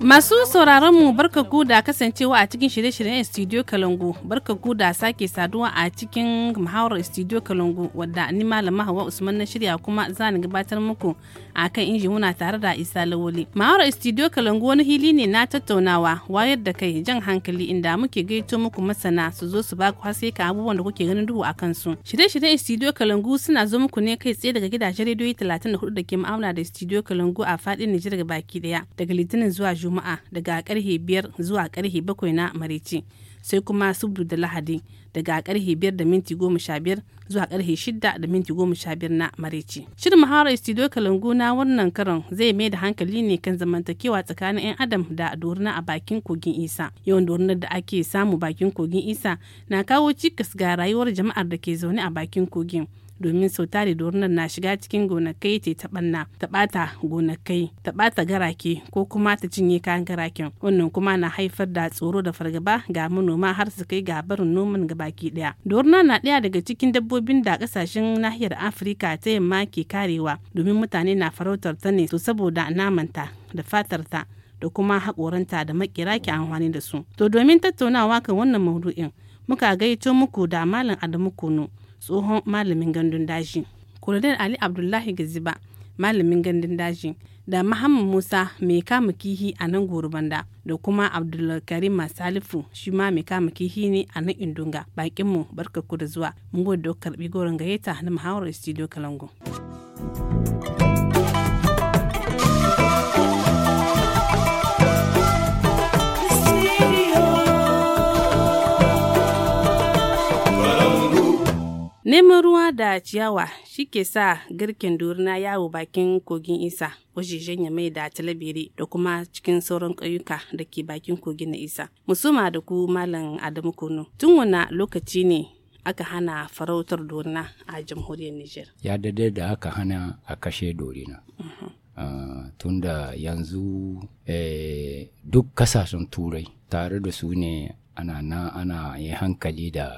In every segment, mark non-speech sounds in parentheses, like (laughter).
Masu sauraron mu barka da kasancewa a cikin shirye-shiryen Studio Kalangu, barka da sake saduwa a cikin muhawarar Studio Kalangu wadda ni malama Hawa Usman na shirya kuma zan gabatar muku a kan inji muna tare da Isa Lawoli. Muhawarar Studio Kalangu wani hili ne na tattaunawa wayar da kai jan hankali inda muke gaito muku masana su zo su ba ku haske abubuwan da kuke ganin duhu a kansu. Shirye-shiryen Studio Kalangu suna zo muku ne kai tsaye daga gidajen rediyoyi 34 da ke ma'amala da Studio Kalangu a faɗin Nijar baki daya daga Litinin zuwa juma'a daga karhe biyar zuwa karhe bakwai na maraice sai kuma subdu da lahadi daga karhe biyar da minti goma sha biyar zuwa karhe shida da minti goma sha biyar na maraice shirin muhawarar studio kalangu na wannan karon zai mai da hankali ne kan zamantakewa tsakanin 'yan adam da dorina a bakin kogin isa yawan dorinar da ake samu bakin kogin isa na kawo cikas ga rayuwar jama'ar da ke zaune a bakin kogin domin sau tare dorunan na shiga cikin gonakai ta banna ta ɓata gonakai ta bata garake ko kuma ta cinye kayan garaken wannan kuma na haifar da tsoro da fargaba ga manoma har su kai ga barin noman gabaki ɗaya doruna na ɗaya daga cikin dabbobin da ƙasashen nahiyar afirka ta yamma ke karewa domin mutane na farautar ta ne to saboda namanta da fatarta da kuma haƙoranta da makira ke amfani da su to domin tattaunawa kan wannan maudu'in muka gaito muku da malam adamu kunu tsohon malamin gandun daji kolonel ali abdullahi gaziba malamin gandun daji da Muhammad Musa mai kama kihi a nan Gorubanda da kuma Abdulkarim Masalifu shi ma mai kama kihi ne a nan Indunga. Bakinmu barka ku da zuwa. Mun gode da karbi goron gayyata na muhawarar studio Kalangu. Neman ruwa da ciyawa shi ke sa girkin dorina yawo bakin kogin isa wajejen ya mai da talabiri da kuma cikin sauran ƙauyuka da ke bakin kogin na isa. Musuma da ku Malam Adamu Kunu. Tun wana lokaci ne aka hana farautar dorina a jamhuriyar Nijar. Ya daidai da aka hana a kashe dorina. tun mhm. ah, tunda yanzu eh, duk kasashen turai tare da su ne ana na ana yi hankali da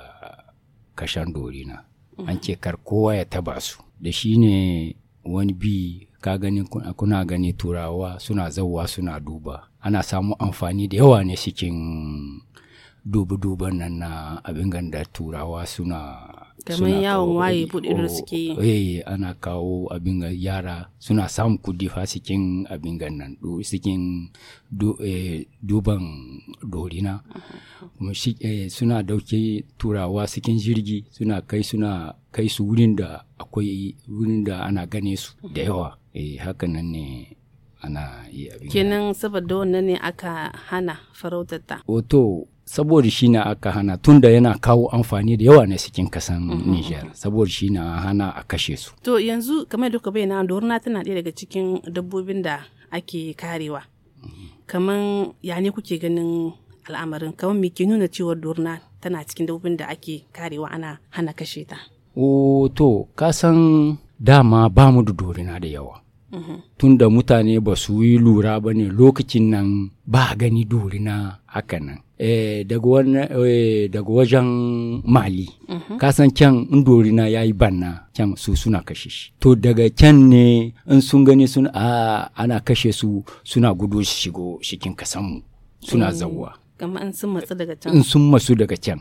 kashen dorina an ce kar kowa ya taba su da shi ne wani bi ka gani kuna gani turawa suna zauwa suna duba ana samu amfani da yawa ne cikin dubu-duban nan na abin ganda turawa suna kamar yawon waye buɗe da suke yi oh, eh, ana kawo abin yara suna samun kudi fa cikin abin gannan cikin eh, duban dorina kuma eh, suna dauke turawa cikin jirgi suna kai suna kai su wurin da akwai wurin da ana gane su da yawa eh haka nan ne ana yi abin kenan saboda wannan ne aka hana farautar ta wato oh, saboda shi na aka hana tunda yana kawo amfani da yawa na cikin kasan mhm. Niger Nijar saboda shi na hana a kashe su. To yanzu kamar da ka bayyana tana ɗaya daga cikin dabbobin da ake karewa. kamar Kaman ya ne kuke ganin al'amarin kamar me ke nuna cewa dorina tana cikin dabbobin da ake karewa ana hana kashe ta. O to kasan dama ba mu da dorina da yawa. tunda mutane ba su yi lura ba ne lokacin nan ba gani na haka nan e, daga wajen mali kasan can in na ya yi banna can su suna kashe shi to daga can ne in sun gani sun a ana kashe su suna gudu shigo shikin kasanmu suna zawwa in sun matsu daga can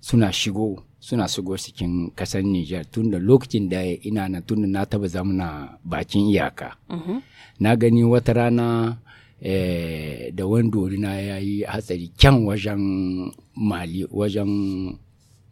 suna shigo suna shigo cikin kasar Nijar tun da lokacin da ina na tun da na taba zamana bakin iyaka. Mhm. Na gani wata rana eh, da wani dorina ya yi hatsari kyan wajen mali wajen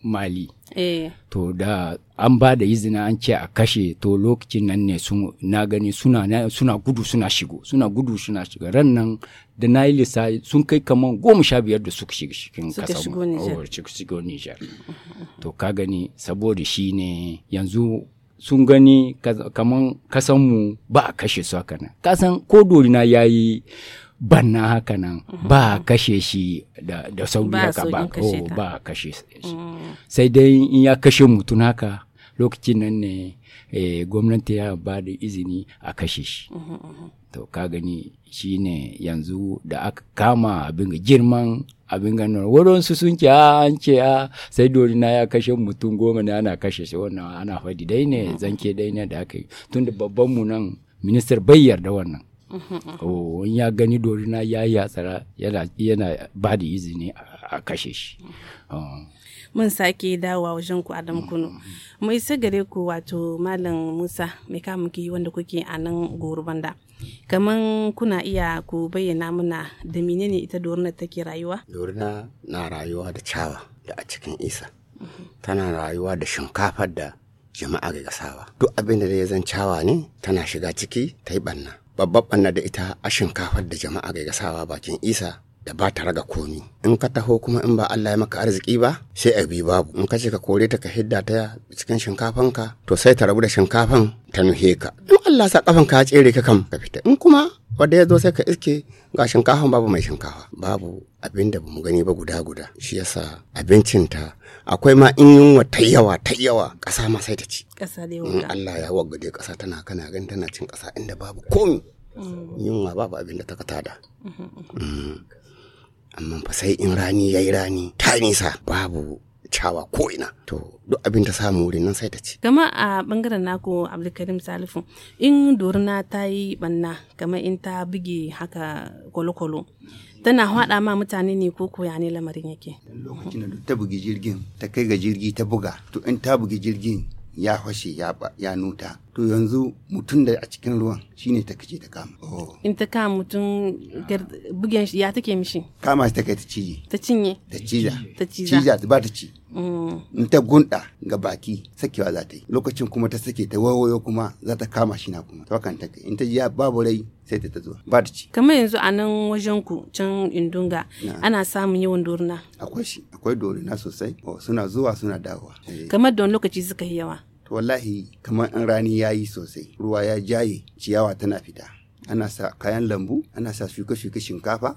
mali eh. to da an ba da izina an ce a kashe to lokacin nan ne na gani suna, na, suna gudu suna shigo suna gudu suna shiga ran nan da na yi lissa sun kai kaman goma sha biyar da suka shiga cikin kasa shigo nijar oh, to ka gani saboda shi ne yanzu sun gani kaman kasanmu ba a kashe su haka nan kasan ko dorina ya yi banna haka nan ba kashe shi da, sauri haka ba a kashe shi sai dai in ya kashe mutum haka lokacin nan ne eh, gwamnati ya ba da izini a kashe shi mhm, mhm. to ka gani shi ne yanzu da aka kama abin girman abin ganin su sun ce an ce a sai dorina ya kashe mutum goma ne ana kashe shi wannan ana faɗi dai ne mm. zanke dai ne da aka yi tun da babban mu nan ministar bai yarda wannan Oh, in ya gani dorina ya yi yatsara yana ba da izini a kashe shi oh. mun sake dawowa wajen ku adam mm, kunu mm, mm. mai sigare ku wato malam musa mai kamun ki wanda kuke a nan banda kaman kuna iya ku bayyana muna da menene ita dorina take rayuwa dorina na rayuwa da cawa da a cikin isa mm-hmm. tana rayuwa da shinkafar da jama'a ga gasawa duk abin da ya zan cawa ne tana shiga ciki ta yi banna Babban ɓanna da ita a shinkafar da jama'a ga gasawa bakin isa da ba ta raga komi in ka taho kuma in ba Allah ya maka arziki ba sai a bi babu in ka ce ka kore ta ka hidda ta cikin shinkafanka to sai ta rabu da shinkafan ta nuhe ka in Allah sa kafan ka tsere ka kam ka fita in kuma wanda ya zo sai ka iske ga shinkafan babu mai shinkafa babu abinda da bamu gani ba guda guda shi yasa abincinta akwai ma in yunwa ta yawa ta yawa ƙasa ma sai ta ci ƙasa da yawa Allah ya wagade ƙasa tana kana gan tana cin ƙasa inda babu komi mm. yunwa babu abin da ta katada mm-hmm, mm-hmm. mm. amma fa sai in rani yayi rani ta nisa babu cawa ko ina to duk abin ta samu wurin nan sai ta ci kama a bangaren naku abdulkarim salifu in dorina ta yi banna kamar in ta buge haka kolokolo. tana hada ma mutane ne ko koya ne lamarin yake lokacin da ta bugi jirgin ta kai ga jirgi ta buga to in ta bugi jirgin ya fashe ya nuta to yanzu mutum da a cikin ruwan shine ta kace ta kama oh. in ta kama mutum bugen ya take mishi kama ta kai ta cije ta cinye ta cija ta cija cija ba ta ci mm. in ta gunda ga baki sakewa za ta yi lokacin kuma ta sake ta wawayo kuma za ta kama shi na kuma ta wakan ta kai in ta ji babu rai sai ta zuwa ba ta ci kamar yanzu a nan wajen ku can indunga ana samun yawan dorina akwai shi akwai dorina sosai oh, suna zuwa suna dawowa eh. kamar don lokaci suka yi yawa to wallahi kamar in rani ya yi sosai ruwa ya jaye ciyawa tana fita ana sa kayan lambu ana sa shuke-shuke shinkafa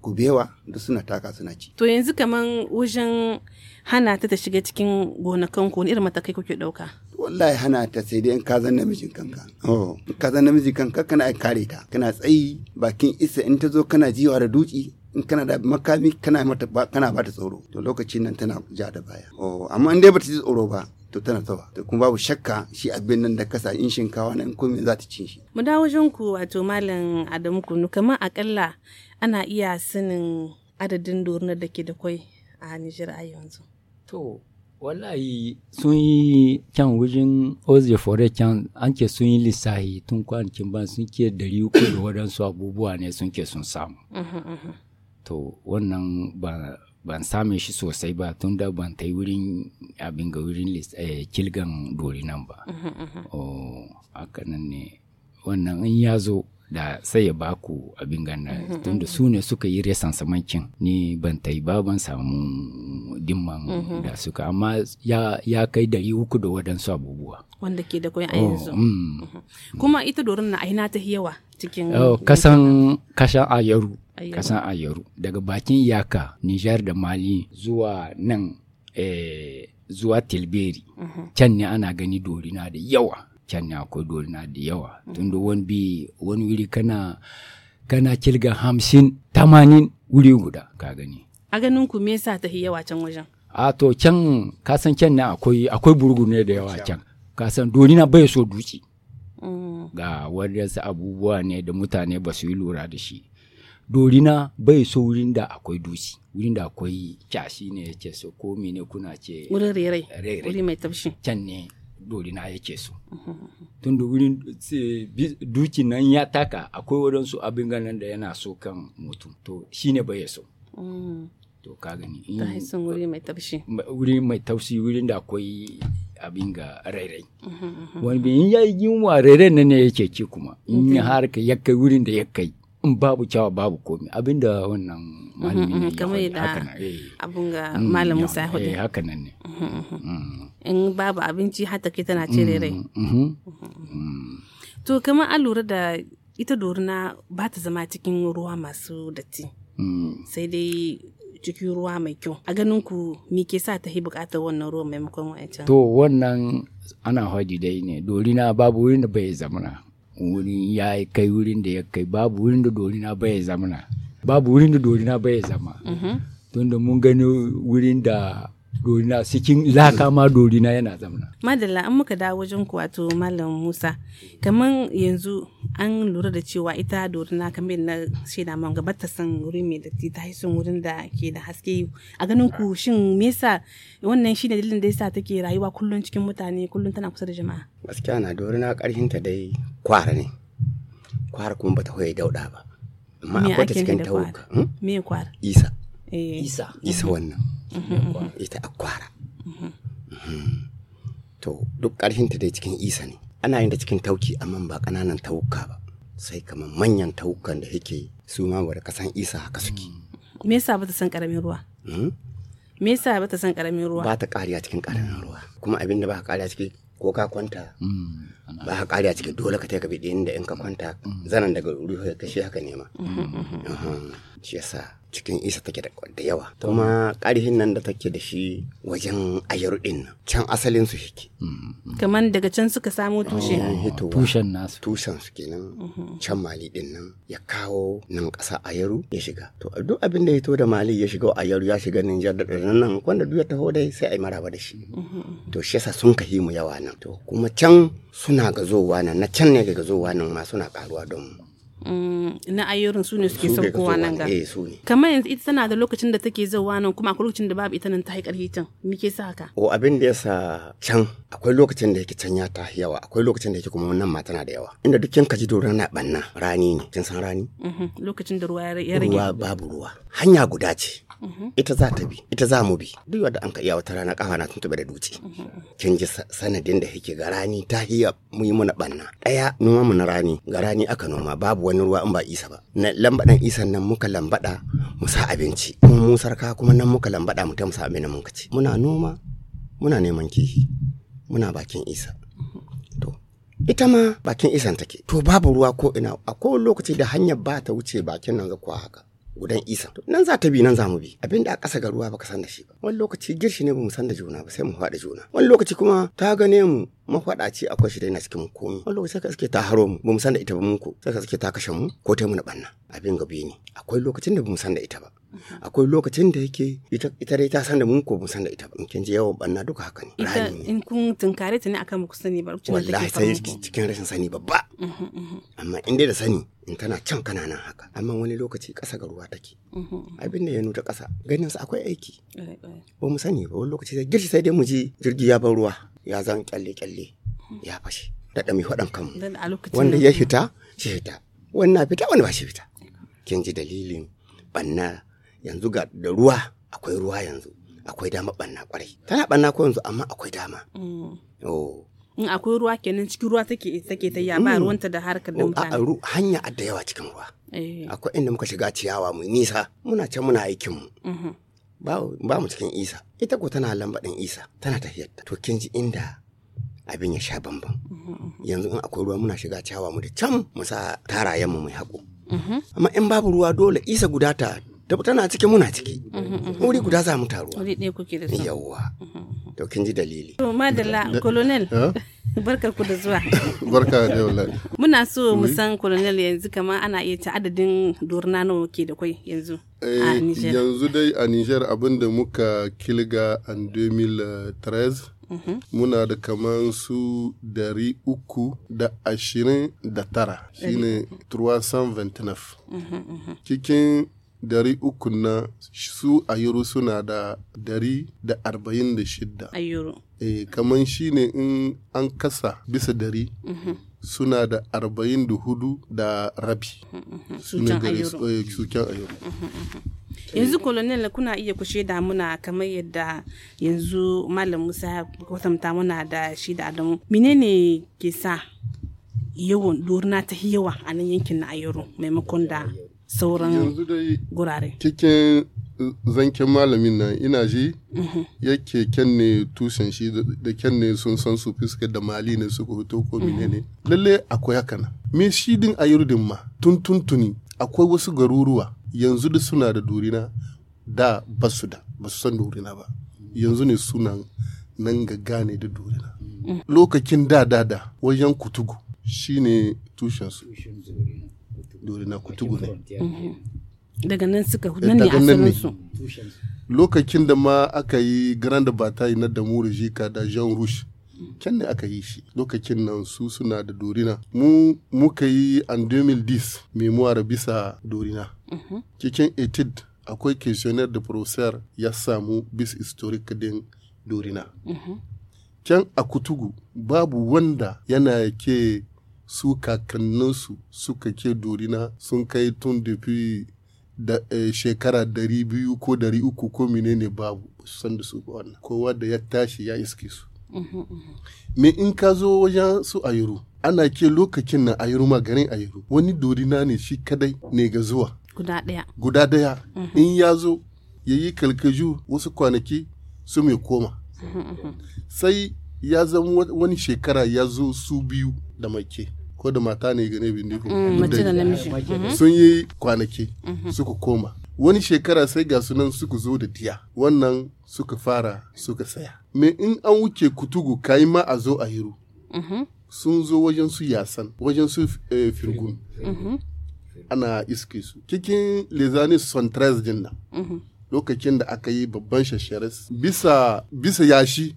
kubewa da suna taka suna ci. To yanzu kamar wajen hana ta ta shiga cikin gonakan ko irin matakai kuke ɗauka? Wallahi hana ta sai dai in ka zan namijin kanka. Oh, in ka zan namijin kanka kana kare ta. Kana tsayi bakin isa in ta zo kana jiwa da dutse in kana da makami kana mata kana bata tsoro. To lokacin nan tana ja da baya. Oh, amma in dai bata ji tsoro ba to tana tawa to kuma babu shakka shi abin nan da kasa in shinkawa na in komai za ta ci shi mu dawo ku wato malam Adamu Kunu kamar akalla ana iya sanin adadin dorinar da ke da kwai a Nijar a yanzu to wallahi sun yi kyan wajen ozio fore kyan an ke sun yi lissahi tun kwanakin ban sun ke dari uku da waɗansu abubuwa ne sun ke sun samu to wannan ba ban same shi sosai ba tun da ban ta yi wurin abin ga wurin eh, kilgan nan ba. Oh, haka nan ne wannan in ya zo da sai ya ku abin ganna mhm. tunda su ne suka yi resan samancin. ni ban yi ba ban samu dimman mhm. da suka amma ya, kai kai dari uku da waɗansu abubuwa wanda ke da kuma a oh, yanzu mm. mhm. kuma ita dorin na aina ta yawa cikin oh, kasan kashan ayaru kasan ayaru daga bakin yaka nijar da mali zuwa nan eh, zuwa tilberi can ne ana gani dorina da yawa can ne akwai dorina da yawa tun da wani wuri kana kana kilga hamsin tamanin wuri guda ka gani a ganin ku me yasa ta yawa can wajen a to can kasan can ne akwai akwai burgu ne da yawa can kasan san dorina bai so dutse mm. ga wadansu abubuwa ne da mutane ba su yi lura da shi dorina bai so wurin da akwai dutse wurin da akwai kyashi ne ya ce so ko mene kuna ce wurin rere wuri mai tafshi can ne dorina yake so mhm, mhm. tun da wurin duki nan ya taka akwai waɗansu abin ganin da yana so kan mutum to shi ne bai so mm. to ka gani wuri mai taushi wuri mai taushi wurin da akwai abin ga rairai mhm, wani bin ya yi yunwa rairai nan ne yake ci kuma in ya harka ya kai wurin da ya kai in babu kyawa babu komi abin da wannan malami ne ya haka nan eh. abun ga mm, malam musa eh, haka nan ne mm. in babu abinci hata ke tana cire rai mm, mm-hmm. mm. to kama an lura da ita dorina ba ta zama cikin ruwa masu datti mm. sai dai cikin ruwa mai kyau a ganin ku me ke sa ta yi bukatar wannan ruwan maimakon wa'ancan? to wannan ana haji dai ne dorina babu wurin da bai zamana wurin ya kai wurin da ya kai babu wurin da dorina bai zamana babu wurin da dorina bai zama mm-hmm. tunda mun gani wurin da dorina cikin laka ma dorina yana zamna. Madalla an muka dawo wajen ku wato Malam Musa kamar yanzu an lura da cewa ita dorina kamar na shaida man gaba ta san wuri mai datti ta son wurin da ke da haske a ganin ku shin me yasa wannan shi ne dalilin da yasa take rayuwa kullun cikin mutane kullun tana kusa da jama'a. Gaskiya na dorina karhin ta dai kwara ne. Kwara kuma bata hoye dauda ba. Amma akwai ta cikin tawuka. Hmm? Me kwara? Isa. Eh. isa isa mhm. wannan mhm. ita akwara mhm. to duk ƙarfinta dai cikin isa ne ana yin da cikin tauki amma ba ƙananan tauka ba sai kamar manyan taukan da yake su ma da kasan isa haka suke me yasa bata san ƙaramin ruwa hmm? me yasa bata san ƙaramin ruwa ba ta kariya cikin ƙaramin ruwa kuma abin da ba ka kariya cikin ko ka kwanta hmm. ba ka ƙariya cikin dole ka taika bi da in ka kwanta hmm. zanan daga ruhu ya kashe haka nema shi yasa cikin isa take da yawa kuma ƙarfin nan da take da shi wajen ayaru din nan can asalin su shike mm-hmm. kamar daga can suka samo tushe tushen nasu tushen su kenan mm-hmm. can mali din nan ya kawo nan ƙasa ayaru ya shiga to duk abin da ya to da mali ya shiga ayaru ya shiga Nijar da nan wanda duk ya taho dai sai ai maraba da shi mm-hmm. to shi yasa sun kahi mu yawa nan to kuma can suna gazowa nan na can ne ga gazowa nan ma suna karuwa don mu Mm, na ayyurin su ne suke saukowa nan ga eh, kamar yanzu ita tana da lokacin da take zauwa nan kuma akwai lokacin da babu ita nan ta haikar hitan me ke sa haka o abin da yasa can akwai lokacin da yake canya ta yawa akwai lokacin da yake kuma nan ma tana da yawa inda dukkan kaji doron na banna rani ne kin san rani mhm. lokacin da ruwa ya rage ruwa babu ruwa hanya guda ce mhm. ita za ta bi ita za mu bi duk wanda an ka iya wata rana kafa na tuntube da duci mhm. kin ji sanadin da yake ga rani ta hiya mu yi muna banna daya noma mu na rani ga rani aka noma babu wani ruwa in ba isa ba na lambadan isan nan muka lambada mu sa abinci mun sarka kuma nan muka lambada mu ta mu sa abinci. muna noma muna neman kihi muna bakin isa to ita ma bakin isan take to babu ruwa ko ina a kowane lokaci da hanyar ba ta wuce bakin nan zakuwa haka gudan isa nan za ta bi nan za mu bi abinda a ƙasa ga ruwa baka san da shi ba wani lokaci girshi ne bamu san da juna ba sai mu faɗa juna wani lokaci kuma ta gane mu mafaɗaci akwai shi na cikin komi wani lokaci ka suke ta haro mu bamu san da ita ba mun ko sai ka suke ta kashe mu ko ta mu na banna abin gabi ne akwai lokacin da bamu san da ita ba akwai lokacin da yake ita dai ta san da mun ko mun san da ita kin ji yawan banna duka haka ne in kun tunkare ta ne akan ku sani ba wallahi sai cikin rashin sani babba mhm, mhm. amma in da sani in kana can kana nan haka amma wani lokaci ƙasa ga ruwa take mhm, abin da ya nuta kasa ganin sa akwai aiki ba mu sani ba wani lokaci sai girshi sai dai mu ji jirgi ya bar ruwa ya zan kyalle kyalle ya fashe da mai faɗan kanmu wanda ya fita shi fita wannan fita wani ba shi fita kin ji dalilin banna yanzu ga da ruwa akwai ruwa yanzu akwai dama banna kwarai tana banna ko yanzu amma akwai dama mm. oh. in akwai ruwa kenan cikin ruwa take take ta ba mm. ruwanta da harkar da oh, mutane hanya da yawa cikin ruwa eh. akwai inda muka shiga ciyawa mu nisa muna can muna aikin mu mm-hmm. ba mu cikin isa ita ko tana lamba din isa tana tafiyar to kin ji inda abin ya sha bamban mm-hmm, mm-hmm. yanzu in akwai ruwa muna shiga ciyawa mu da can mu sa tarayen mu mai haƙo amma in babu ruwa dole isa guda ta da tana ciki muna ciki mhm, mhm. wuri guda za mu taruwa wuri ɗaya kuke da su yawwa mhm, to kin ji dalili to madalla colonel (laughs) barkar ku da zuwa (laughs) barka da yawa muna so mu san colonel yanzu kama ana iya ta adadin dorna nawa ke da kai yanzu a eh, Niger yanzu dai a Niger abinda muka kilga an 2013 muna da kaman su dari uku da ashirin da tara shine 329 cikin dari uku na su a suna da dari da arba'in da shidda. A euro. E, kaman shi ne in an kasa bisa dari. Mm -hmm. Suna da arba'in da hudu da rabi. Mm -hmm. Suken a euro. Suken a euro. yanzu colonel kuna iya kushe muna kamar yadda yanzu malam musa ya kwatanta muna da shi da adamu menene ke sa yawan dorina ta yawa a nan yankin na ayoro maimakon da sauran gurare cikin eh, zanken malamin na ina ji mhm. yake kenne tushen shi da kenne sun san su fuskar da mali ne su hoto ko mhm. ne lalle akwai haka na me shi din ayurdin ma tun tuntuni akwai wasu garuruwa yanzu da suna da durina da ba su da ba su san durina ba yanzu ne suna nan ga gane da durina mhm. lokacin da da da wajen kutugu shine tushen su dore na kutugu mhm. ne daga nan suka nan ne lokacin da ma aka yi grand bataille na damuru jika da jean rouge can ne aka yi shi lokacin nan su suna da dorina mu muka yi an 2010 memoir bisa dorina mhm. cikin etid akwai questionnaire da professor ya samu bis historic din dorina mhm. can a kutugu babu wanda yana ke su kakanninsu suka ke dorina sun kai tun dafi da eh, shekara dari biyu ko dari uku ko menene babu san da su wannan kowa da ya tashi ya iske su me in ka zo wajen su ayuru ana ke lokacin na ayuru ma garin ayuru wani dorina ne shi kadai ne ga zuwa guda daya guda daya in ya zo ya yi kalkaju wasu kwanaki su mai koma sai ya zama wani shekara ya zo su biyu da make ko da mata ne gane mm, bindigo mm-hmm. sun yi kwanaki mm-hmm. suka koma wani shekara sai ga sunan suka zo da diya wannan suka fara suka saya me in an wuce kutugu kayi ma a zo a hiru mm-hmm. sun zo wajen su yasan wajen su eh, firgun ana iske su cikin lezani son din nan lokacin da aka yi babban shasharis bisa yashi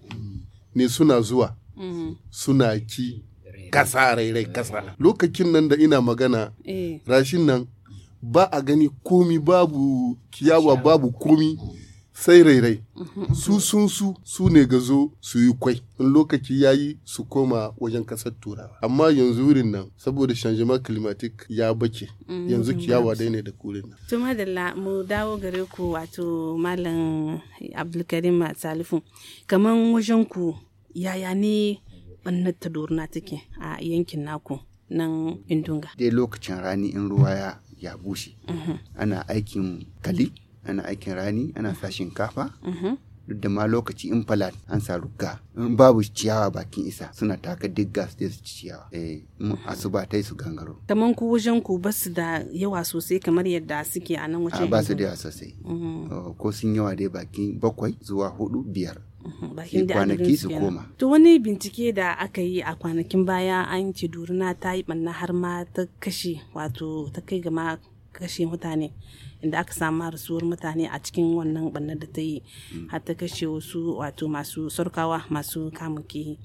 ne suna zuwa mhm. suna ki kasa rairai kasa lokacin nan da ina magana eh. rashin nan ba a gani komi babu kiyawa babu komi mm. sai rairai su sun su su ne gazo su yi kwai in lokaci ya yi su koma wajen kasar turawa amma yanzu wurin nan saboda shanjima climatic ya bace mm, yanzu kiyawa mm, mm. dai ne da kurin nan tuma da mu dawo gare ku wato malam abdulkarim salifu kaman wajen ku yaya ne ɓannar take a yankin naku nan indunga dai lokacin rani in ruwa ya bushe mm-hmm. ana aikin kali ana aikin rani ana mhm. sa shinkafa mhm. duk da ma lokaci in falat an sa rugga babu ciyawa bakin isa suna taka gas su su ciyawa eh, A su tai su gangaro Kamar ku wajen ku ba su da yawa sosai kamar yadda suke a nan wajen ba su da yawa sosai mhm. oh, ko sun yawa dai bakin bakwai zuwa hudu biyar bakin da kwanaki su koma. To wani bincike da aka yi a kwanakin baya an ce duruna ta yi ɓanna har ma ta kashe wato ta kai gama kashe mutane. inda aka samu harsuwar mutane a cikin wannan bannar da ta yi har ta kashe wasu wato masu sarkawa masu kamun kihi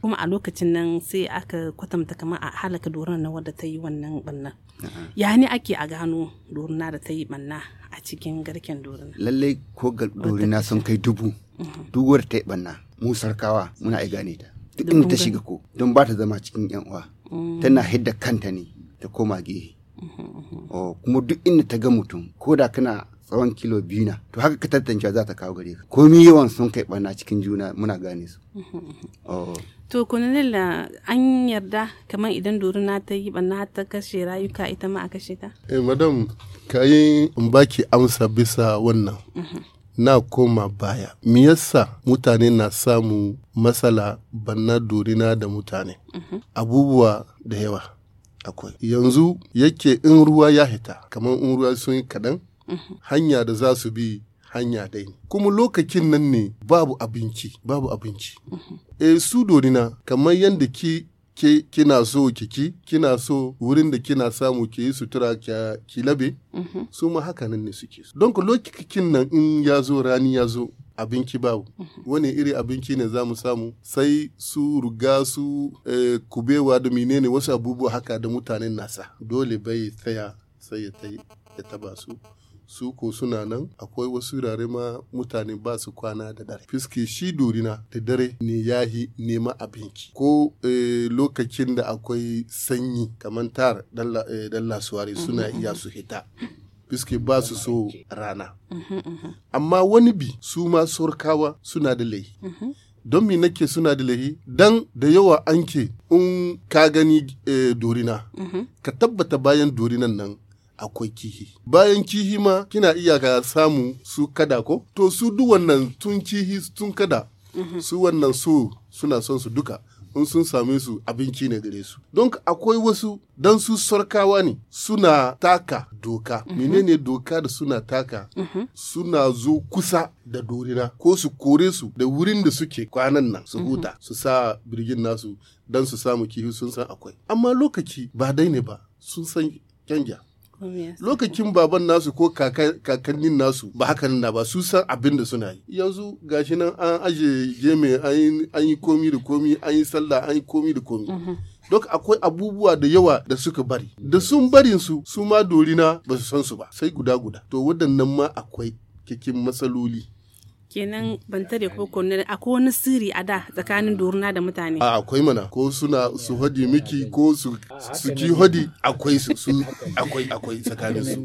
kuma a lokacin nan sai aka kwatanta kamar a halaka doron na wadda ta yi wannan bannar uh-huh. ya ne ake a gano dorina da ta yi banna a cikin garken dorina lallai ko dorina sun kai dubu uh-huh. duwar ta yi banna mu sarkawa muna ai gane ta duk inda ta shiga ko don ba ta zama cikin yan uwa mm. tana hidda kanta ne ta koma gehe Oh, kuma duk inda ta ga mutum ko da kana tsawon kilo biyu na to haka ka tantance za ta kawo gare ka komi yawan sun kai barna cikin juna muna gane su oh. to kunanilla an yarda kamar idan na ta yi barna ta kashe rayuka ita ma a kashe ta eh madam ka yi in baki amsa bisa wannan na koma baya me yasa mutane na samu matsala banna dorina da mutane abubuwa da yawa akwai yanzu yake in ruwa ya hita kamar in ruwa sun yi kaɗan mhm. hanya da za su bi hanya dai kuma lokacin nan ne babu abinci babu abinci e su dorina kamar yadda ki ke kina so kiki kina so wurin da kina samu kiyi yi sutura ki labe mhm. su ma haka nan ne suke don ku lokacin nan in ya zo rani ya zo abinci babu mhm. wani iri abinci ne za mu samu sai su ruga su eh, kubewa da menene wasu abubuwa haka da mutanen nasa dole bai tsaya sai ya taba su su ko suna nan akwai wasu wurare ma mutane ba su kwana da dare fiske shi dorina da dare ne yahi nema abinci ko eh, lokacin da akwai sanyi kamar tar dan eh, lasuware suna mm-hmm, iya mm-hmm. su hita fiske ba su so rana mm-hmm, amma wani bi su ma surkawa suna da lahi. don mi nake suna da lahi dan da yawa anke in ka gani eh, dorina ka tabbata bayan dorinan nan akwai kihi bayan kihi ma kina iya ka samu su kada ko to su duk wannan tun kihi tun kada mhm. su wannan so suna son su duka in sun sami su abinci ne gare su don akwai wasu don su sarkawa ne suna taka doka mhm. menene doka da suna taka mhm. suna zo kusa da dorina ko su kore su da wurin da suke kwanan nan su huta su sa birgin nasu don su samu kihi sun san akwai amma lokaci ba dai ne ba sun san kyanja lokacin baban nasu ko kakannin nasu ba hakan na ba su san abin da suna yi yanzu gashi nan an aje jeme an yi komi da komi an yi sallah an yi komi da komi mhm. dok akwai abubuwa da yawa da suka bari da sun barin su su ma dorina ba su san su ba sai guda guda to waɗannan ma akwai kikin matsaloli kenan ban tare ko ko akwai wani siri a da tsakanin doruna da mutane a akwai mana ko suna su hodi miki ko su su ki hodi akwai su akwai akwai tsakanin su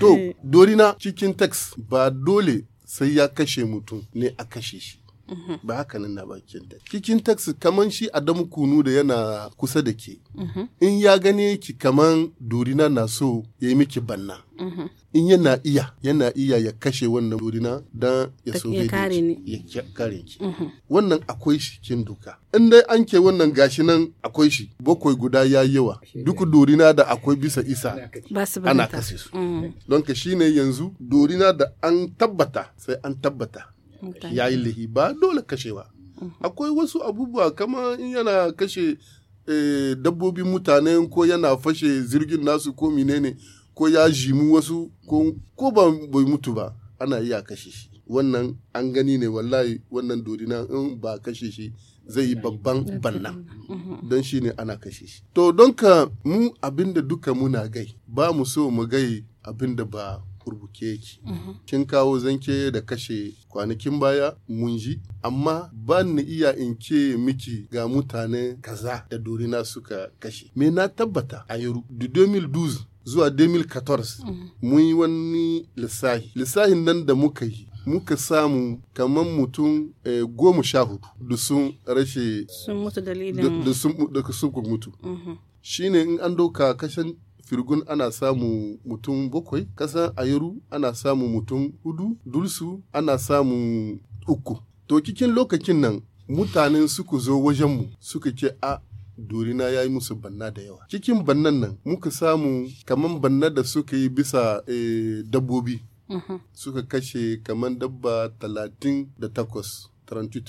to eh. dorina cikin tax ba dole sai ya kashe mutum ne a kashe shi mhm. ba haka nan na bakin da cikin tax kaman shi adamu kunu da yana kusa da ke mhm. in ya gane ki kaman dorina na so ya yi miki banna Mm-hmm. in yana iya yana iya ya kashe wannan durina don ya so ya kare ki mm-hmm. wannan akwai shi kin duka in dai an ke wannan gashi nan akwai shi bakwai guda ya yawa duk dorina da akwai bisa isa ana kashe su mm-hmm. don ka shine yanzu dorina da an tabbata sai an tabbata ya yi lihi ba dole kashewa akwai wasu abubuwa kama in yana kashe eh, dabbobin mutane ko yana fashe zirgin nasu ko menene ko ya jimu wasu ko ko ba bai mutu ba ana iya kashe shi wannan an gani ne wallahi wannan dorina in ba kashe shi zai yi babban banna don shi ne ana kashe shi to don ka mu abinda duka muna gai ba mu so mu gai abinda ba kurbuke yake kin kawo zanke da kashe kwanakin baya mun ji amma ba ni iya in ce miki ga mutane kaza da dorina suka kashe me na tabbata a 2012 zuwa 2014 mm-hmm. mun yi wani lissahi lissahin nan da muka yi muka samu kamar mutum eh, goma sha hudu da sun rashe sun mutu dalilin da sun mutu mm-hmm. shine in an dauka kashin firgun ana samu mutum bakwai kasan ayaru ana samu mutum hudu dulsu ana samu uku to cikin lokacin nan mutanen suka zo wajenmu suka ce a ah, dorina ya yi musu banna da yawa cikin bannan nan muka samu kaman banna da suka yi bisa eh, dabbobi mhm. suka kashe kaman dabba talatin da takwas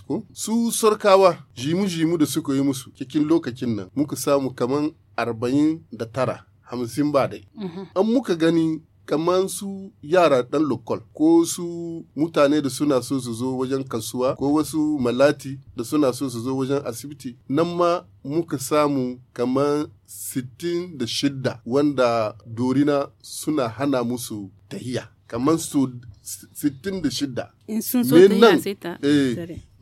ko su sarkawa jimu-jimu da suka yi musu cikin lokacin nan muka samu kaman arba'in da tara hamsin ba dai mhm. an muka gani kamar su yara dan lokol ko su mutane da suna so su zo wajen kasuwa ko wasu malati da suna so su zo wajen asibiti nan ma muka samu kamar sittin da shidda wanda dorina suna hana musu tahiya kamar su 66 in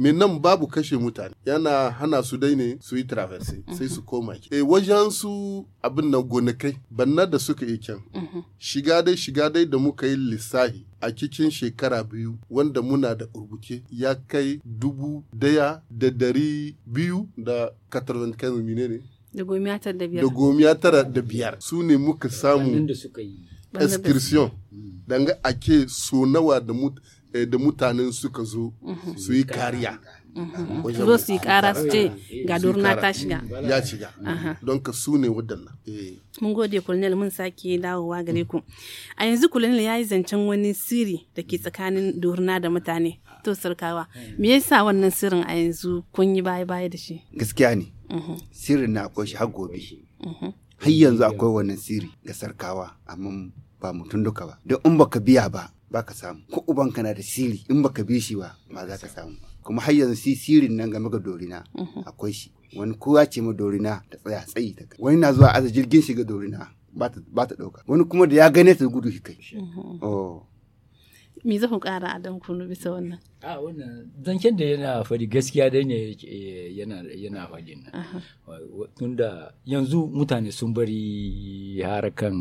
eh, nan babu kashe mutane yana hana su dai ne su yi traverse mhm. sai su koma ki eh, wajen su abin na gonakai banna da suka yi kyan mhm. shiga dai shiga dai da muka yi lissahi a cikin shekara biyu wanda muna da urbuke ya kai dubu daya da dari biyu da katarwan kai ne da gomiya tara da biyar su ne muka samu excursion ga ake so nawa da eh, mutanen suka zo mhm. su yi kariya mhm. zo su yi kara su ce ga durna ta shiga ya shiga don ka su ne waɗannan eh. mun gode kulnil mun sake dawowa gare ku a yanzu kulnil ya yi zancen wani siri da ke tsakanin durna da mutane to sarkawa me yasa wannan sirrin a yanzu kun yi baya baya da shi gaskiya ne mhm. sirrin na akwai shi har gobe har yanzu akwai wannan siri ga sarkawa amma ba mutum duka ba don in baka biya ba baka samu ko ubanka na da siri in baka bi shi ba ba za ka samu kuma har yanzu si sirin nan game ga dorina mhm. akwai shi wani kowa ce ma dorina ta tsaya tsayi ta wani na zuwa aza jirgin shiga dorina ba ta ɗauka wani kuma da ya gane ta gudu shi kai mhm. oh. me za ku a don kunu bisa wannan a wannan zancen da yana fari gaskiya dai ne yana fari na tunda yanzu mutane sun bari harakan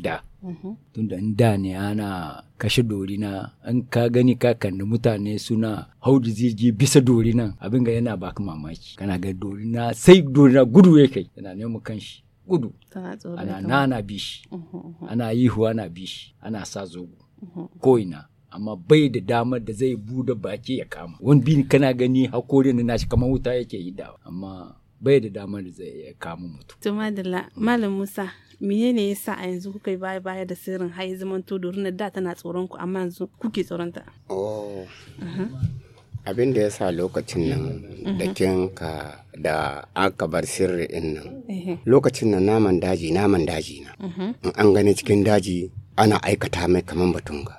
da mhm. tunda in da ne ana kashe dorina an ka gani da mutane suna da zirgi bisa dorina abin ga yana baka mamaki kana ga dorina sai dorina gudu ya kai yana neman kanshi gudu ana nana bishi mhm, mhm. ana yihu na bishi ana sa zogo ko'ina amma bai da damar da zai bude baki ya kama wani bi kana gani hakori na nashi kamar wuta yake yi dawa amma bai da damar da zai kama mutum to madalla malam musa menene yasa a yanzu kuka yi baya baya da sirrin hayi zaman to dorin da tana tsoron ku amma yanzu kuke tsoron ta oh abin da yasa lokacin nan da kinka da aka bar sirri din nan lokacin nan naman daji naman daji na an gani cikin daji ana aikata mai batun ga.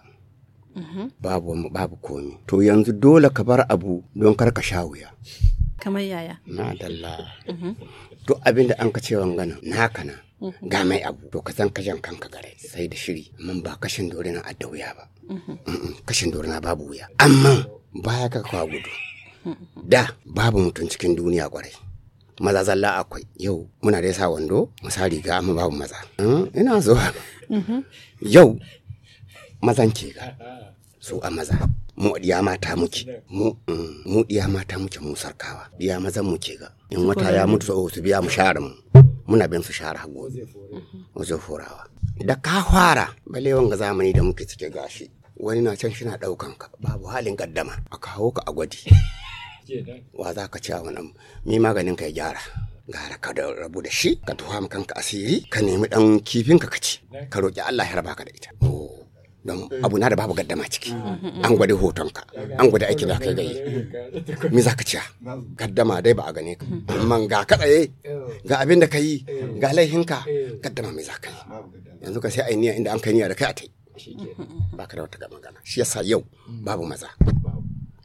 babu babu komi to yanzu dole ka bar abu don kar ka sha wuya kamar yaya na dalla mhm. duk abin da an ka ce wangana naka na mhm. ga mai abu to ka san kashin kanka gare sai da shiri amma ba kashin dore na adda wuya ba mhm. kashin dore na babu wuya amma baya ka kwa gudu da babu mutum cikin duniya kwarai maza zalla akwai yau muna da yasa wando Masa riga amma babu maza mm, ina zuwa Mm-hmm. yau mazan ke ga su a maza mu diya mata muke mu mm, mu diya mata muke mu sarkawa diya mazan ke ga in wata ya mutu so su biya mu share mu muna bin su share hago wajen horawa da ka fara bale wanga zamani da muke cike gashi wani na can shina ɗaukan ka babu halin kaddama a kawo ka a gwadi wa za ka ci a wannan mi maganin ka ya gyara gara ka da rabu da shi ka tuha ka asiri ka nemi dan kifinka ka ci ka roki Allah ya raba ka da ita oh, don abu na da babu gaddama ciki an gwada ka an gwada aiki da kai gayi me za ka ciya gaddama dai ba a gane ka amma ga ka tsaye ga abin da ka yi ga ka gaddama me za ka yi yanzu ka sai a niyya inda an kai niyya da kai a tai ba ka da wata magana shi yasa yau babu maza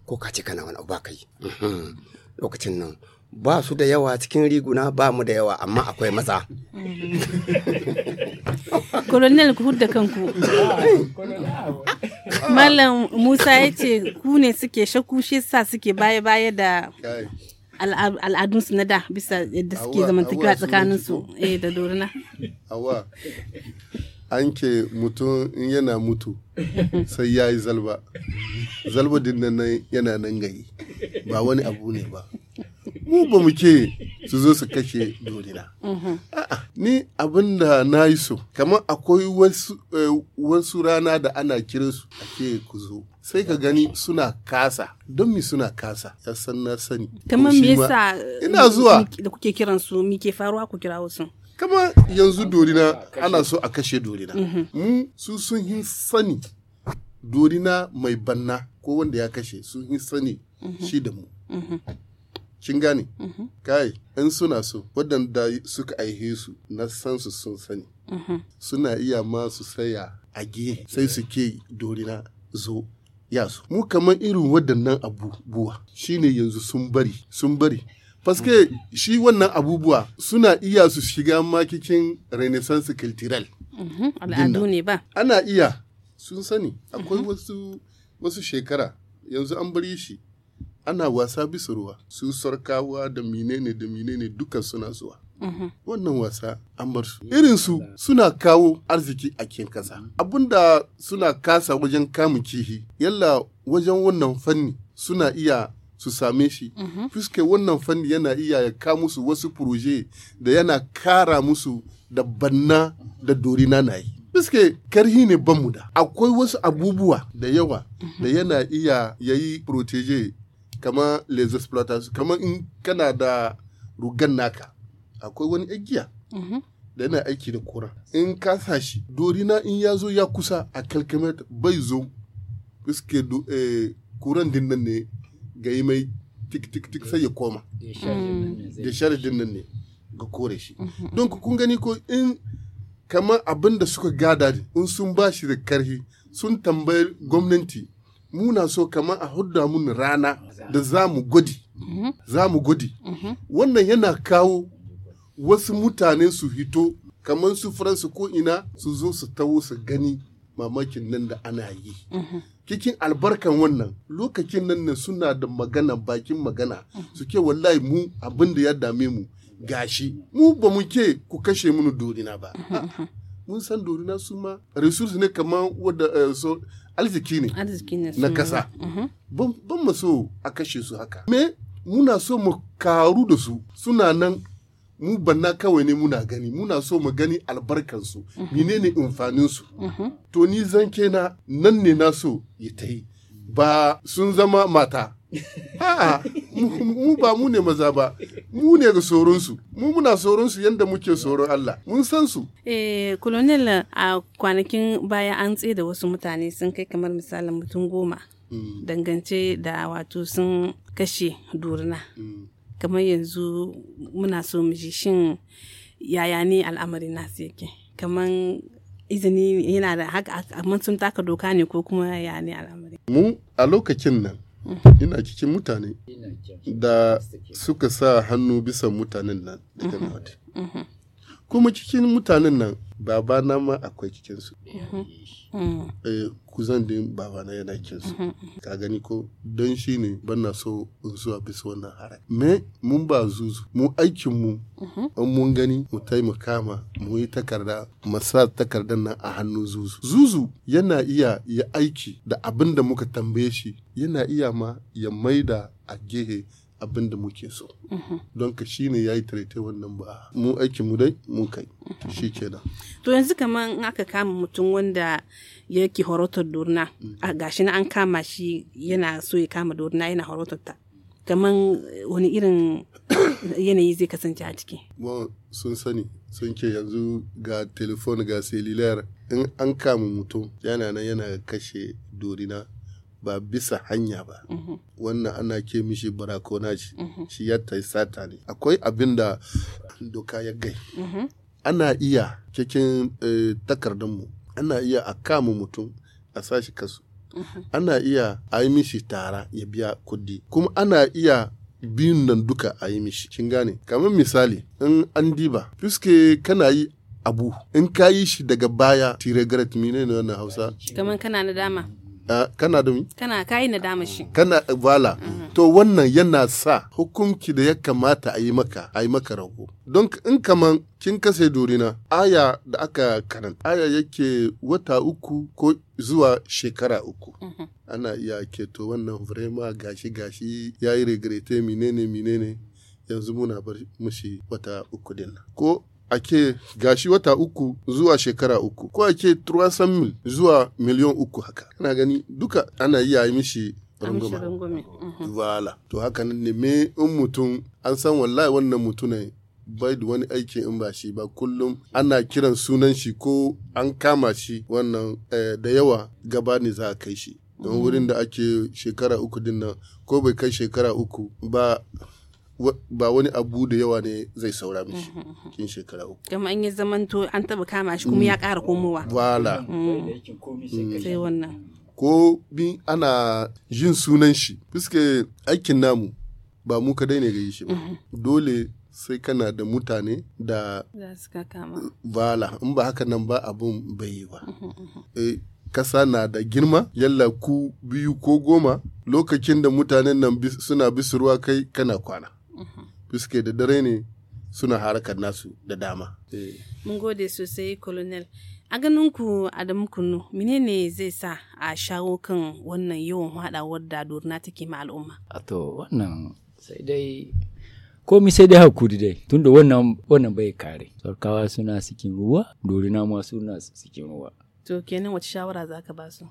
ko ka ce kana wani abu ba ka yi mhm. lokacin nan ba su da yawa cikin riguna ba mu da yawa amma akwai maza. Kolonel (laughs) ku hudda kanku. Malam Musa ya ce ku ne suke shakku shi sa suke baya-baya da al'adun su na da bisa yadda suke zamantakewa eh da dorina. Awa, an ke mutum in yana mutu sai ya yi zalba. Zalba din nan yana nan gayi ba wani abu ne ba. mu ba mu ke su zo su kashe dorina. A'a, ni abin da na yi so, kamar akwai wasu eh, rana da ana kira su a ke ku zo. Sai ka gani suna kasa, don mi suna kasa, ya san na sani. Kamar me yasa eh, ina zuwa da kuke kiran su mi ke faruwa ku kira wasu. Kama yanzu dorina ana so a kashe dorina. Mu su sun yi sani dorina mai banna ko wanda ya kashe sun yi sani mhm. shi da mu. Mhm. kin gane mhm. kai in suna so waɗanda suka aihe su na san su sun sani mhm. suna iya ma su saya a ge sai suke dorina zo ya mu kamar irin waɗannan abubuwa shine yanzu sun bari sun bari paske shi wannan abubuwa suna iya su shiga makikin renaissance cultural mhm, al'adu ne ba ana iya sun sani akwai wasu shekara yanzu an bari shi ana wasa bisa ruwa su sarkawa da menene da menene duka suna zuwa mhm. wannan wasa an bar su irin su suna kawo arziki a cikin kasa abinda suna kasa wajen kamun kihi yalla wajen wannan fanni suna iya su same shi mhm. fuske wannan fanni yana iya ya ka musu wasu proje da yana kara musu da banna da dorina na yi Biske karhi ne banmu da akwai wasu abubuwa da yawa da mhm. yana iya yayi proteje kamar les exploiters kamar in kana da rugan naka akwai wani igiya mhm. da yana aiki da kura in ka sa shi dorina in ya zo ya kusa a kalkamet bai zo iske eh, kuran din nan ne ga yi mai tik tik tik sai ya koma da shari din nan ne ga kore shi mhm. don kun gani ko in kamar abin da suka gada in sun ba shi da karhi sun tambayi gwamnati muna so kamar a hudda mun rana da za mu gwadi mhm. za mu gwadi mhm. wannan yana kawo wasu mutane su hito kamar su faransa ko ina su zo su tawo su gani mamakin nan da ana yi cikin mhm. albarkan wannan lokacin nan ne suna da magana bakin magana suke wallahi mu abin da ya dame mu gashi mu ba mu ke ku kashe munu dorina ba mun san dorina su ma resource ne kamar wadda eh, arziki ne na kasa mhm. ban mu so a kashe su haka me muna so mu karu da su suna nan mu banna kawai ne muna gani muna so mu gani albarkansu mhm. menene amfaninsu mhm. to ni zan na nan ne na so ya ta yi ba sun zama mata ha mu ba mu ne maza ba mu ne ga tsoronsu mu muna tsoronsu yadda muke tsoron Allah mun san su eh colonel a kwanakin baya an tsaye da wasu mutane sun kai kamar misalin mutum goma mm. dangance da wato sun kashe durna mm. kamar yanzu muna so mu ji shin yaya ne al'amarin nasu yake kamar izini yana da haka amma sun taka doka ne ko kuma yaya ne al'amarin mu a lokacin nan ina cikin mutane da suka sa hannu bisa mutanen nan daga mhm. north mhm. kuma cikin mutanen nan babana ma akwai cikinsu mhm. Eh, kuzan din babana yana kin su mhm. ka gani ko don shi ne ban na so in zuwa bisa wannan hara me mun ba zuzu mu aikin mu an mhm. mun gani mu taimaka ma mu yi takarda masa takardar nan a hannu zuzu zuzu yana iya ya aiki da abin da muka tambaye shi yana iya ma ya maida a gehe abin da muke so mhm. don ka shi ne ya yi tarete wannan ba mu aiki mu dai mun kai mhm. shi kenan to yanzu kamar in aka kama mutum wanda ya yake horotar dorna a mhm. gashi na an kama shi yana so ya kama dorna yana horotar ta kamar wani irin (coughs) yanayi zai kasance a ciki sun sani sun ke yanzu ga telefon ga selilayar in an kama mutum yana nan yana kashe dorina ba bisa hanya ba mhm. wannan ana ke mishi barakonaci mhm. shi ya ta sata ne akwai abin da doka ya gai mhm. ana iya cikin eh, takardunmu ana iya a kama mutum a sashi kasu ana iya a yi mishi tara ya biya kudi kuma ana iya biyun nan duka a yi mishi kin gane kamar misali in an diba fuske kana yi abu in ka yi shi daga baya tire garat mine ne wannan hausa kamar kana na dama Eh, kana da kana kayi nadama shi kana bala eh, mm to wannan yana sa hukunci da ya kamata a yi maka a yi maka rago don in kaman kin kase dorina aya da aka karanta aya yake wata uku ko zuwa shekara uku mm -hmm. ana iya keto wannan vrema gashi gashi ya yi regrete menene menene yanzu muna bar mushi wata uku din ko ake gashi wata uku zuwa shekara uku ko ake 300 mil zuwa miliyon uku haka ana gani duka ana yi yi mishi rungume mhm. wala to haka nan ne me in mutum an san wallahi wannan ne bai da wani aiki in ba shi ba kullum ana kiran sunan shi ko an kama shi wannan eh, da yawa gaba ne za a kai shi don mhm. wurin da ake shekara uku din ko bai kai shekara uku ba ba wani abu da yawa ne zai saura mishi mhm, mhm. cikin shekara uku. an yi zamanto an taba kama shi kuma ya mm. ƙara komowa. Wala. Mm. Mm. Sai wannan. Ko bi ana jin sunan shi fuske aikin namu ba mu kadai ne yi shi ba. Mhm. Dole sai kana da mutane da bala in ba haka nan ba abun bai yi ba. Eh, kasa na da girma yalla ku biyu ko goma lokacin da mutanen nan suna ruwa kai kana kwana Fiske da dare ne suna harkar nasu da dama. Eh. Mun gode sosai, Colonel. A ganin ku Adamu Kunu, menene zai sa a shawo kan wannan yawan haɗawar da dorna take ma al'umma? A to wannan sai dai komi sai dai hakuri dai tun wannan wannan bai kare sarkawa suna cikin ruwa dorina ma suna cikin ruwa to kenan wace shawara za ka ba su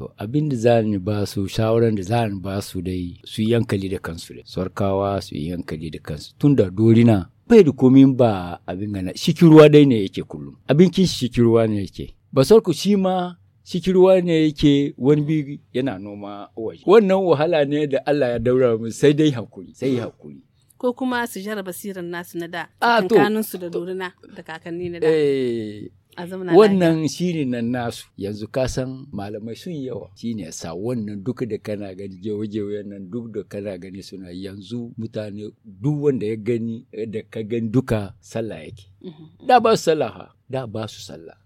To abin da za ni ba su shawaran da za ni ba su dai su yankali da kansu dai. Sarkawa su yankali da kansu tun da dorina bai da komin ba abin gana shikiruwa dai ne yake kullum. Abin kin shikiruwa ne yake. sarku shi ma shikiruwa ne yake wani bi yana noma waje. Wannan wahala ne da Allah ya daura mu sai dai hakuri sai hakuri. Ko kuma su jara basiran nasu na da, ah, kankaninsu da dorina da kakanni na da. Eh, wannan shine nan nasu yanzu kasan malamai sun yawa shine sa wannan duka da kana gani jewajewayen nan duk da kana gani suna yanzu mutane duk wanda ya gani eh, da ka gani duka sallah yake mhm. da ba su sallah da ba su sallah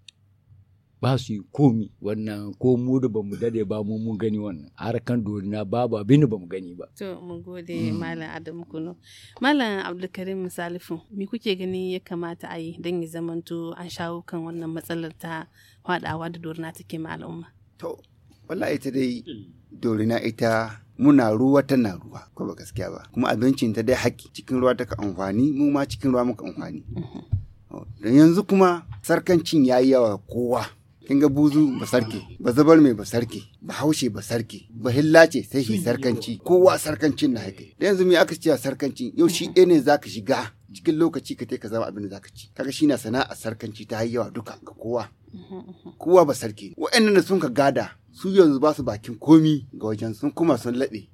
ba su yi komi wannan ko mu da ba mu dade ba mu mun gani wannan harkan dorina babu abin da ba mu gani ba. To mun gode mm. Malam Adamu Kuno. Malam Abdulkarim Salifu me kuke gani ya kamata a yi don ya zamanto an shawo kan wannan matsalar ta hadawa da dorina take ma al'umma. To wallahi ita dai dorina ita muna ruwa tana ruwa ko ba gaskiya ba kuma abincin ta dai haƙƙi cikin ruwa ta ka amfani mu ma cikin ruwa muka amfani. Mhm. Oh, yanzu kuma sarkancin ya yi yawa kowa. kin ga buzu ba sarki. ba zabar mai ba sarki. ba haushe ba sarki. ba hillace sai shi sarkanci kowa sarkancin na haike da yanzu me aka ce sarkanci yau shi ɗaya ne zaka shiga cikin lokaci ka ka zama abin da zaka ci kaga shi na sana'a sarkanci ta yawa duka ga kowa kowa ba sarki waɗannan da sun ka gada su yanzu ba su bakin komi ga wajen sun kuma sun laɓe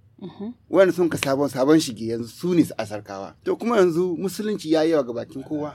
wanda sun ka sabon sabon shige yanzu su ne a sarkawa to kuma yanzu musulunci ya yawa ga bakin kowa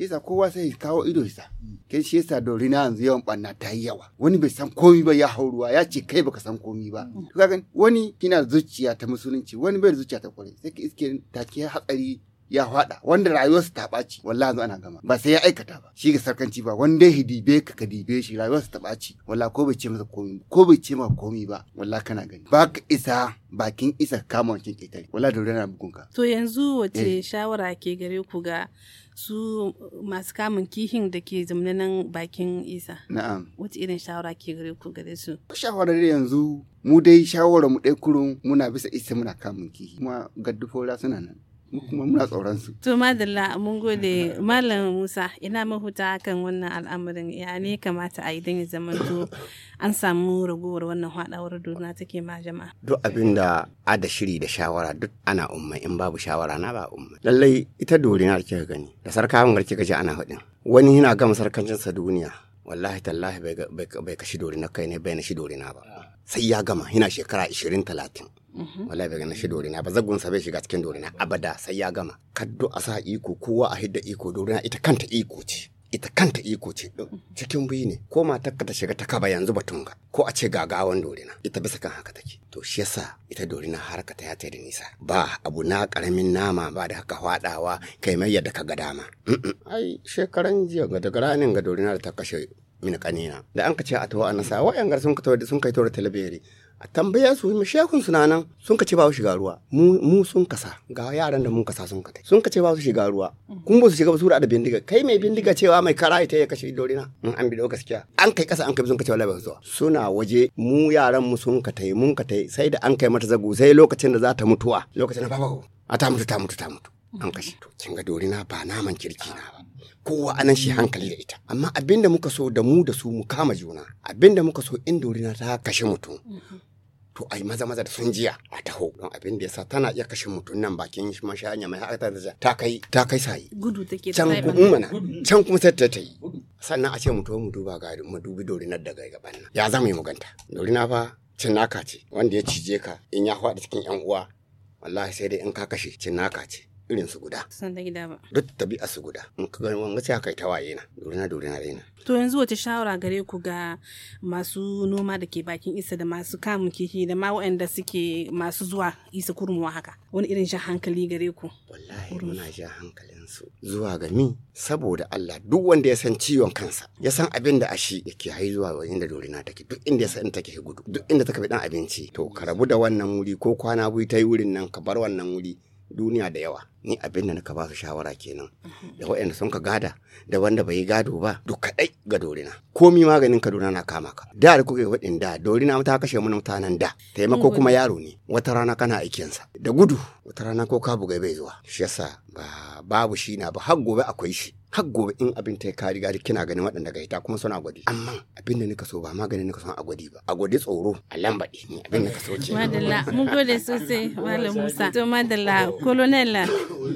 shi yasa kowa sai ya kawo ido sa kai shi yasa dori na yanzu yawan banna ta yi yawa wani bai san komi ba ya hau ruwa ya ce kai baka san komi ba mm. to ka wani kina zuciya ta musulunci wani bai zuciya ta kwarai sai ka iske take hatsari ya faɗa wanda rayuwarsa ta ɓaci wallahi yanzu ana gama ba sai ya aikata ba shi ga sarkanci ba wanda ya hidibe ka ka dibe shi rayuwarsa ta ɓaci wallahi ko bai ce masa komi ko bai ce maka komi ba wallahi kana gani ba ka isa bakin isa kama wancan ƙetare wallahi da na bugun ka to yanzu wace eh. shawara ke gare ku ga su masu kamun kihin da ke zamanin nan bakin isa na'am wace irin shawara ke gare ku gare su da yanzu mu dai shawara mu ɗai kurun muna bisa isa muna kamun kihi kuma gaddufora suna nan kuma muna tsoron su. To madalla mun gode Malam Musa ina mahuta kan wannan al'amarin ya ne kamata a yi don ya to an samu ragowar wannan haɗawar duna take ma jama'a. Duk abin da a da shiri da shawara duk ana umma in babu shawara na ba umma. Lallai ita dorina da kika gani da sarkawan garki gaji ana haɗin. Wani yana gama sarkancinsa duniya wallahi tallahi bai kashi na kai ne bai na shi na ba. Sai ya gama yana shekara 20 30. Mhm. wala bai gani shi na ba zagunsa bai shiga cikin na abada sai ya gama kaddo a sa iko kowa a hidda iko na ita kanta iko ce ita kanta iko ce mhm. cikin biyu ne ko ka ta shiga ta kaba yanzu batunga ko a ce gagawan na. ita bisa kan haka take to shi yasa ita na dorina harka ta yata da nisa ba abu na karamin nama ba da haka hwadawa kai mai yadda ka ga dama ai shekaran jiya ga daga ranin ga dorina da ta kashe min kanina da an ka ce a tawo a nasa wayan gar sun ka tawo sun kai tawo talabiyari a tambaya su mu shekun suna nan sun ka ce ba su shiga ruwa mu sun kasa ga yaran da mun kasa sun ka sun ka ce ba su shiga ruwa kun ba su shiga ba su da bindiga kai mai bindiga cewa mai kara ita ya kashe na in an bido gaskiya an kai kasa an kai sun ka ce wallahi ba su zuwa suna waje mu yaran mu sun ka tai mun ka tai sai da an kai mata zago sai lokacin da za ta mutuwa lokacin da babako a ta mutu ta mutu ta mutu an kashe to kin ga na ba naman kirki na ba kowa anan shi hankali da ita amma abinda muka so da mu da su mu kama juna abinda muka so in dorina ta kashe mutum to ai maza maza da sun jiya a taho don abin da yasa tana iya kashe mutum nan bakin shi shanya mai haka ta ta kai ta kai sai gudu take can kuma mana can kuma sai ta ta yi sannan a ce mu mu duba ga mu dubi dorinar daga gaban nan ya zama mu muganta. dorina fa cin naka ce wanda ya cije ka in ya faɗi cikin yan uwa wallahi sai dai in ka kashe cin naka ce irin su guda. Sun da gida ba. Duk tabi'a su guda. In ka gani wanga sai haka ita waye na. dole na raina. To yanzu wace shawara gare ku ga masu noma da ke bakin isa da masu kamun kifi da ma waɗanda suke masu zuwa isa kurmuwa haka. Wani irin shan hankali gare ku. Wallahi muna shan hankalin su zuwa ga mi saboda Allah duk wanda ya san ciwon kansa ya san abin da ashi yake haizuwa wa inda na take duk inda ya san take gudu duk inda ta bi dan abinci to ka rabu da wannan wuri ko kwana biyu ta yi wurin nan ka bar wannan wuri duniya da yawa ni abin da naka ba su shawara kenan da waɗanda sun ka gada da wanda bai gado ba duk kadai ga dorina komi maganin kaduna na kama ka da da kuke yi da dorina ta kashe mana mutanen da taimako kuma yaro ne wata rana kana aikinsa da gudu wata rana ko ka bugai bai zuwa shi yasa ba babu shi na ba har gobe akwai shi har gobe in abin ta ka riga kina ganin waɗanda ga ita kuma suna gwadi amma abin da nika so ba maganin nika so a gwadi ba a gwadi tsoro a lambaɗe ne abin nika so ce madalla mun gode sosai malam musa to madalla colonel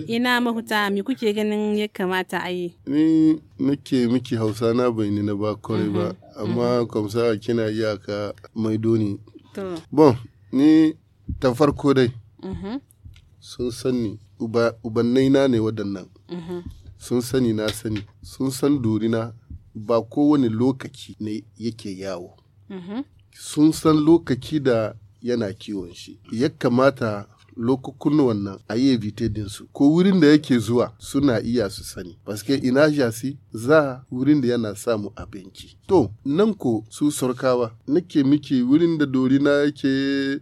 ina mahuta me kuke ganin ya kamata a yi ni nake miki hausa na bai ni na ba kore ba mhm, mhm. amma a kina iyaka maido ne bon ni ta farko dai mhm. sun sani ubannaina ne waɗannan sun sani na sani sun san dorina ba kowane lokaci ne yake yawo mm-hmm. sun san lokaci da yana kiwon shi ya kamata lokakun wannan a yi evite su ko wurin da yake zuwa suna iya su sani paske ina jasi za wurin da yana samu abinci to nan ko su sarkawa nake miki wurin da dorina yake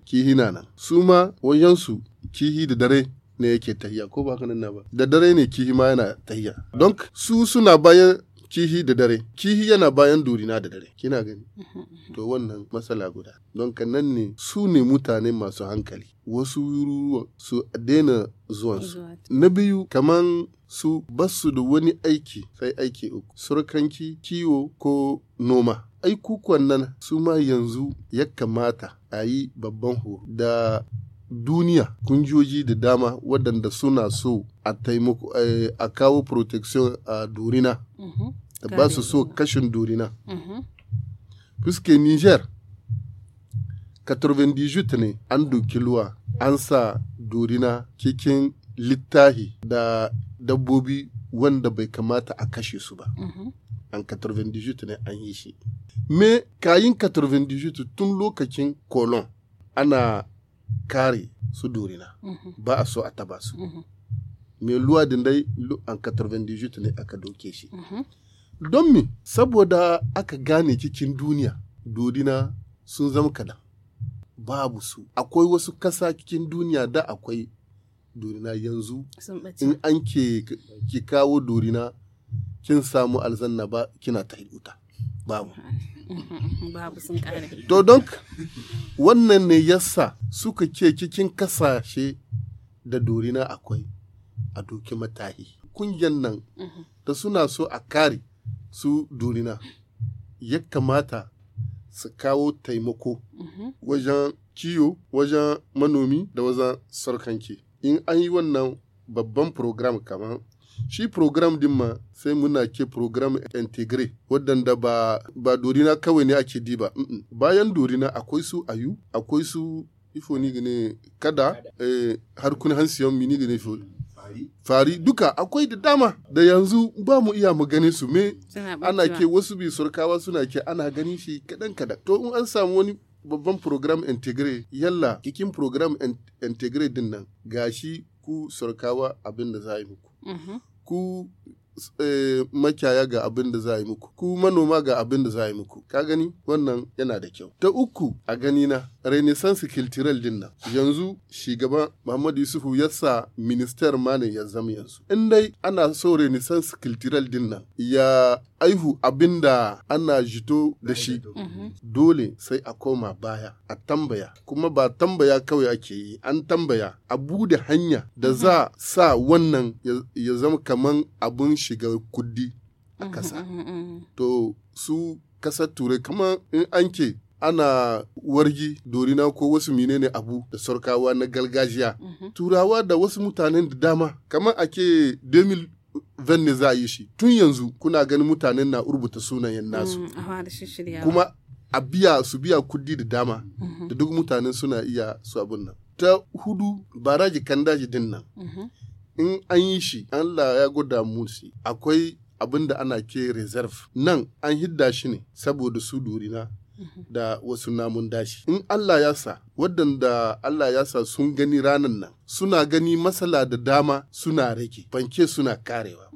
kihina nan su ma wajensu kihi da dare ne yake tahiya ko ba nan ba da dare ne kihi ma yana tahiya don su suna bayan kihi da dare kihi yana bayan durina da dare kina gani (laughs) to wannan matsala guda don nan ne su ne mutane masu hankali wasu ruruwa su daina zuwansu na biyu kaman su basu da wani aiki sai aiki uku surkanki kiwo ko noma aikukuwan nan su ma yanzu ya kamata a yi babban horo da duniya kungiyoyi da dama waɗanda suna so a taimako eh, a kawo protection a dorina mhm. da ba su so kashin dorina fuske mhm. niger 98 ne an doki luwa an sa dorina cikin littahi da dabbobi wanda bai kamata a kashe su ba mhm. an 98 ne an yi shi me kayin 98 tun lokacin colon ana kare su dorina mhm. ba a so a taba su mai mhm. luwa din dai an 98 ne aka doke shi mhm. don me saboda aka gane cikin duniya dorina sun zama kadan babu su akwai wasu kasa cikin duniya da akwai dorina yanzu in an ke ki kawo dorina kin samu alzanna ba kina ta babu (laughs) to don wannan ne yasa suka ce cikin kasashe da dorina akwai a doki matahi kungiyan nan mhm. da suna so a kare su dorina ya kamata su kawo taimako mhm. wajen ciyo wajen manomi da wajen sarkanki in an yi wannan babban program kamar shi program din ma sai muna ke program integre. waɗanda ba ba dorina kawai ne ake di ba bayan dorina akwai su ayu akwai su ifo ni gane kada eh, harkun hansiyon mini gane ifo fari duka akwai da dama da yanzu ba mu iya mu gane su me ana ke wasu bi surkawa suna ke ana ganin shi kadan kadan to in an samu wani babban program integre yalla kikin program integre din nan gashi ku surkawa abin da za yi muku mm-hmm. cool Eh, makiyaya ga abin da za a yi muku ku manoma ga abin da za a yi muku ka gani wannan yana da kyau ta uku a gani na renaissance cultural din nan yanzu shugaba muhammadu yusufu ya sa ma ne ya zama yanzu in dai ana so renaissance cultural din nan ya aihu abin da ana jito da shi mhm. dole sai a koma baya a tambaya kuma ba tambaya kawai ake yi an tambaya a bude hanya da mhm. za sa wannan ya zama kaman abun shiga kudi a mm-hmm, kasa. Mm-hmm, mm-hmm. To su kasar turai kama in anke ana wargi dorina ko wasu menene abu da sarkawa na galgajiya. Turawa da wasu mutanen da dama kama ake demil venne za yi shi tun yanzu kuna ganin mutanen na rubuta sunayen nasu. Mm, Kuma a biya su biya kudi da dama da duk mutanen suna iya su abin nan. Ta hudu baraji kan daji din nan. in an yi shi Allah ya gwada musi akwai abin da ana ke reserve nan an hidda shi ne saboda su durina mhm. da wasu namun dashi in Allah ya sa waɗanda Allah ya sa sun gani ranan nan suna gani masala da dama suna rage banke suna karewa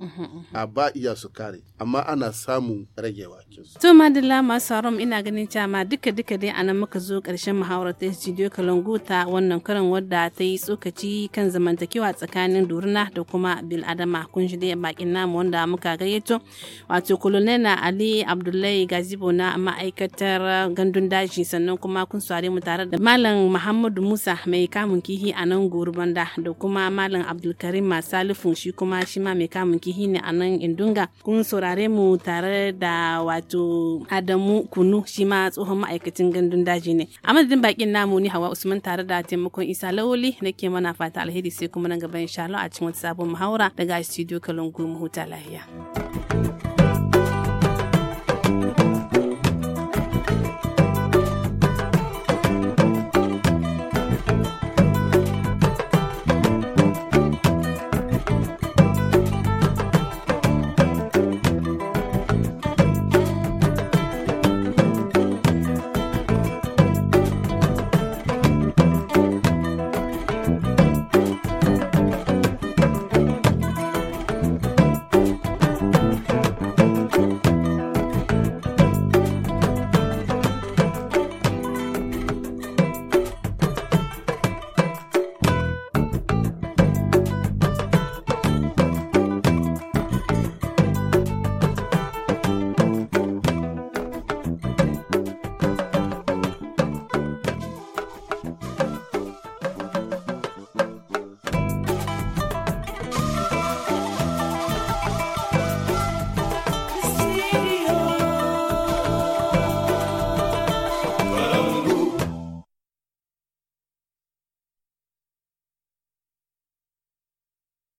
a ba iya su kare amma ana samun ragewa to madalla masu haram ina ganin cama duka duka dai anan muka zo karshen muhawara ta studio kalangu ta wannan karin wadda ta yi tsokaci kan zamantakewa tsakanin durna da kuma bil adama kun shi dai bakin namu wanda muka gayyato wato na ali abdullahi gazibo na ma'aikatar gandun daji sannan kuma kun sware mu tare da malam malam muhammadu musa mai kamun kihi a nan banda da kuma malam abdulkarim masalifun shi kuma shi ma mai kamun kihi ne a nan indunga kun saurare mu tare da wato adamu kunu shi ma tsohon ma'aikacin gandun daji ne a madadin bakin namu ni hawa usman tare da taimakon isa lawoli nake mana fata alheri sai kuma nan gaba insha Allah a cikin wata sabon muhawara daga studio kalungu mu huta lafiya.